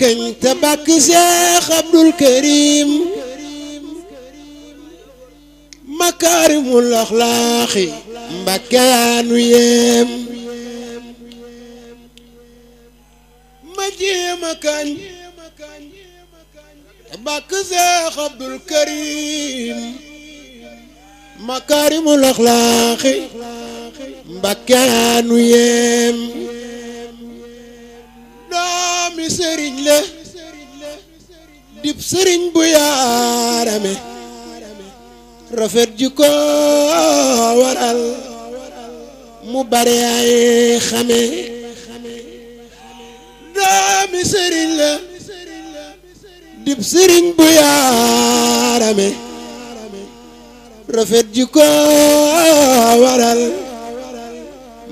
kañ te bàkk Seex Abdul Karim makaarimul axlaaxi Mbàkke yaa nu yem ma jéem a kañ te bàkk Seex Abdul Karim makaarimul axlaaxi Mbàkke yaa nu yem sëriñ la dib sëriñ bu yaarame rafet ji ko waral mu bare ay xame doomi sëriñ la dib sëriñ bu yaarame rafet ji ko waral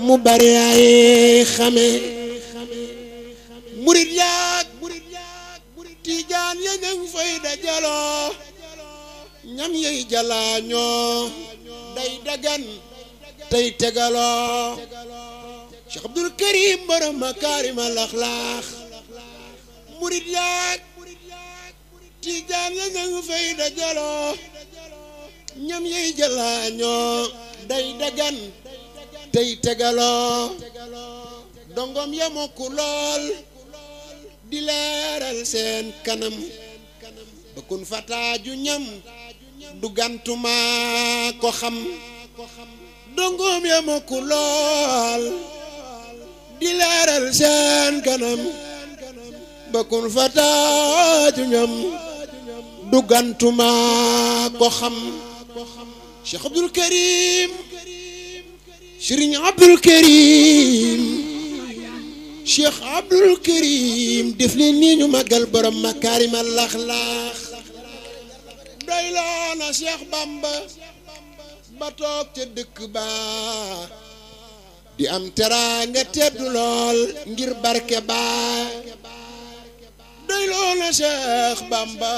mu bare ay xame murit yaa ñaan ya ñañ fay dajaloo ñam yey jalaañoo day dagan tey tegaloo Cheikh ya ñañ fay day dagan tey tegaloo dongom ya mokku lool di leeral seen kanam bëkkun fataaju xam dongoom ya ma ku fataaju ñam du ko xam Cheikh Abdul Karim Serigne Abdul Karim cheikh abdul karim def leen nii ñu màggal borom makaarimal laxlaax doy loona cheikh bamba ba lool ngir barke ba doy loona bamba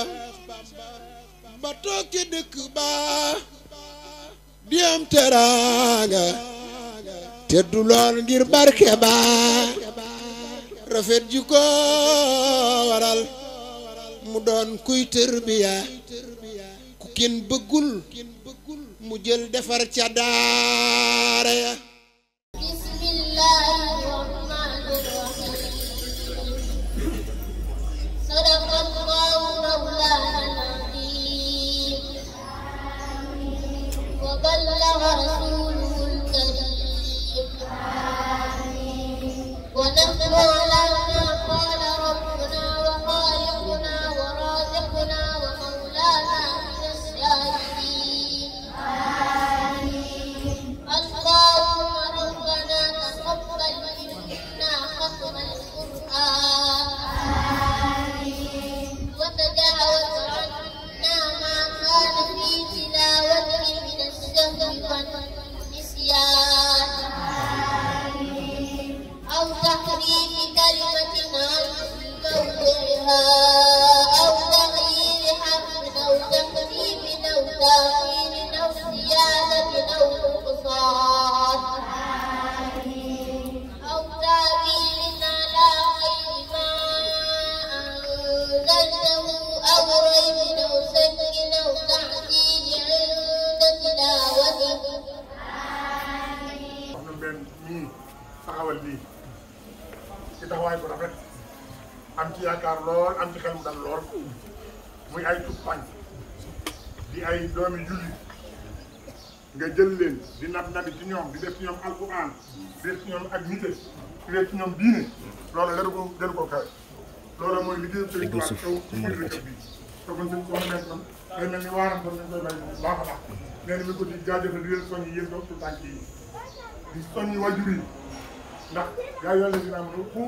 ba toog ca dëkk ba di am teraanga teddu lool ngir barke ba rafet ji ko waral mu doon kuy tërbiya ku kenn bëggul mu jël defar ca daara ya التوحيد أو الزيادة أو النقصان أو تعديل على غير ما أنزلته أو ريب أو سكن أو تعديل عند تلاوته taxawal lii ci taxawaay bu rafet am ci yaakaar lool am ci xel mu dal lool muy ay tuut pañ di ay doomi jullit nga jël leen di nab nabi ci ñoom di def ci ñoom alquran di def ci ñoom ak di def ci ñoom diine loolu loolu mooy liggéey sëñ Tuubaa ci bi te kon sëñ Tuubaa nekkoon day mel ni waaram doon nañ koy bàyyi bu baax a baax nee na mi ko di jaajëfal di leen soññi yéen dootul tànk yi di soññi wajur yi ndax yaa yàlla dina am lu ku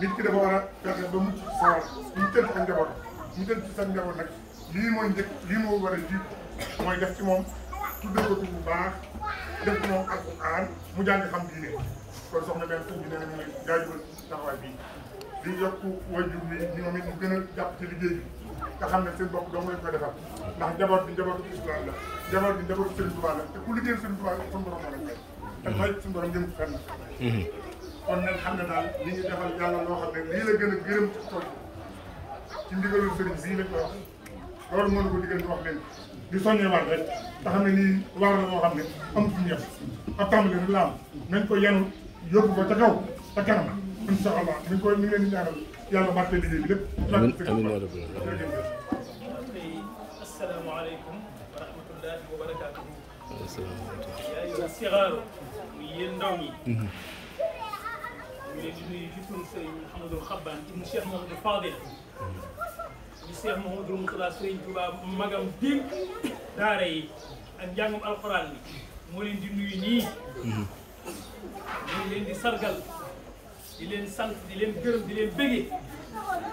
nit ki dafa war a fexe ba mucc sawar ñu tëdd ak njabootam mu dem ci sa njaboot nag lii mooy njëkk lii moo war a jiit mooy def ci moom tuddee ko bu baax def moom alxuraan mu jàng xam diine kon soxna benn sëñ bi nee na ñu ngi bii di yokk wajur bi ñu moom it jàpp ci liggéey bi nga xam ne seen bopp doo mooy ko defal ndax njaboot bi njabootu islam la njaboot bi njabootu Sëriñ Tuubaa la te ku liggéey Sëriñ Tuubaa la suñu borom la nekk te mooy suñu borom jëm fenn mhm. kon nag xam ne daal li ñu defal yàlla loo xam ne lii la gën a gërëm ci tool ci ndigalul sëriñ bii lañ koy wax loolu moo ko digal di wax leen di soññee waat rek te xam ne nii waar la boo xam ne am fu ñu yem ab tàmbali rek la am nañ ko yenu yóbbu ko ca kaw ca kanam incha allah mi ngi koy mi ngi leen di ñaanal yàlla barke liggéey bi lépp. amiin amiin yaa rabbal aalamiin. asalaamaaleykum wa rahmatullaahi wa barakaatuh. yaa ngi sigaar muy yéen ndaw ñi. Mhm. ñu leen di nuyu di sunu sëriñ Amadou Xabbaan ci Cheikh Mouhamadou Fadil mhm. di Seex Muhammadul Murtadaa Sëriñ Tuubaa magam dénk daara yi ak njàngum alxuraan bi moo di nuyu nii ñu sargal di leen sant di leen gërëm di leen bëggee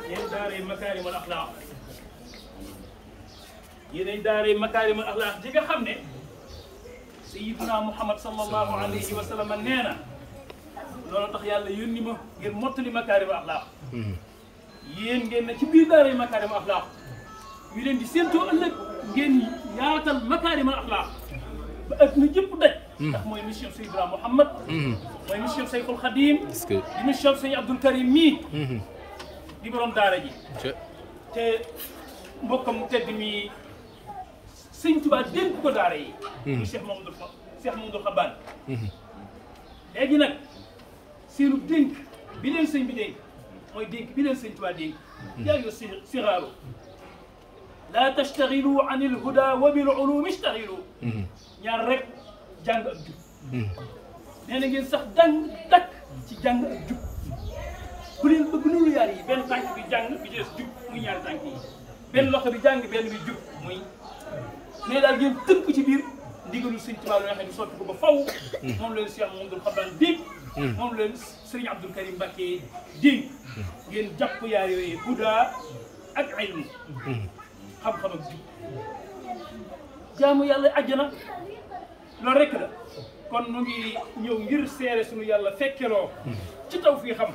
yéen daara yi makaarimal axlaaq yéenay daara yi makaarimal axlaaq ji nga xam ne sayyiduna Muhammad sallallahu alayhi wa sallam nee na loolu tax yàlla yónni ma ngir yéen ngeen na ci biir daaray makaarimal axlaaq ñu leen di séentoo ëllëg ngeen yaatal makaarimal axlaaq ba ëpp na jëpp daj hmm. ndax mooy mission Seydina Mouhamad hmm. mooy mission Seyxul Xadim di mission Seydi Abdoul Karim mii hmm. di te mbokkam mu tedd mi sëñ Tuubaa dénk ko daara yi mu Cheikh Mamadou Cheikh Mamadou Xabaan léegi mooy dénk bi leen sëñ Tuubaa dénk yaa yu siraaru laa tashtaxilu an il huda wa bil ulum ishtaxilu ñaar rek jàng ak jub nee na ngeen sax dang takk ci jàng ak jub bu leen bëgg nulu yaar yi benn tànk bi jàng bi des jub muy ñaari tànk yi benn loxo bi jàng benn bi jub muy ne daal ngeen tënk ci biir ndigalu sëñ Tuubaa loo xam ne sotti ko ba faw moom leen si am moom dul xabaan dénk Hmm. moom leen sëriñ Abdou Karim Mbacké dénk ngeen jàpp yaar yooyu huda ak hmm. xam-xam ak jub jaamu yàlla àjjana loolu rek kon nu ngi ñëw ngir seere suñu yàlla fekkeloo hmm. ci taw fi xam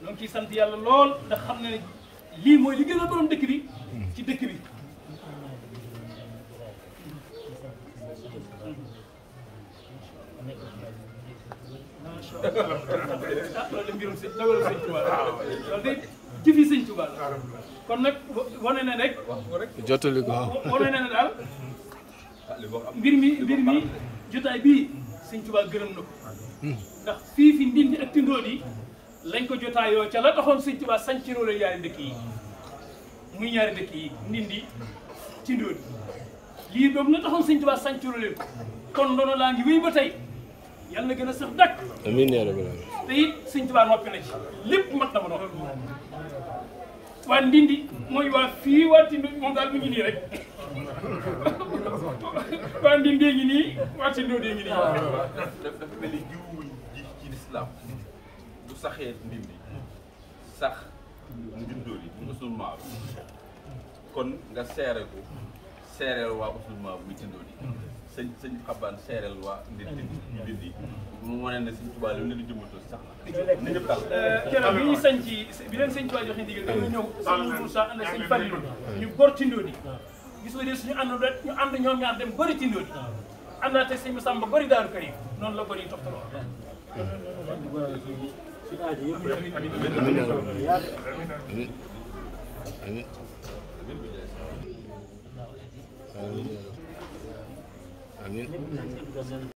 nu ngi ciy sant yàlla lool ndax xam na lii mooy li gën a borom ci dëkk bi loolu mbirum si dogalu sëñ Tuubaa kon nag wane na rek jottali ko na ne daal mbir mi mbir mi jotaay bii sëñ Tuubaa gërëm na ko ndax fii fi ndindi ak tindóol yi lañ ko jotaayoo ca la taxoon sëñ Tuubaa sanc loolu ñaari muy ñaari dëkk yi ndindi tindóol lii boobu na taxoon sëñ Tuubaa kon loolu laa ngi wéy ba tey yàlla na gën a sax dàkk. amiin yaa rabbal aalamiin. te it sëñ Tuubaa noppi na ci lépp mat na ma waa Ndindi mooy waa fii waa Tindu moom daal mu ngi nii rek waa Ndindi ngi nii waa Tindu ngi nii. du saxee Ndindi sax njundóor yi kon nga seere ko. seereel waa musulman buy tindoo di sëñ sëñ xabaan seereel waa ndir ndir di mu wane ne sëñ Tuubaa lu leen jëmbatoo sax na ñëpp daal euh, bi ñu sañ ci bi leen sëñ Tuubaa joxe ndigal dañu ñëw sëñ Moussa ànd ak sëñ Fallou ñu gor tindoo di gis nga de suñu am na ñu ànd ñoom ñaar dem gori tindoo di ànd naa tey sëñ Massamba gori daaru Karim noonu la gor yi toftaloo amiin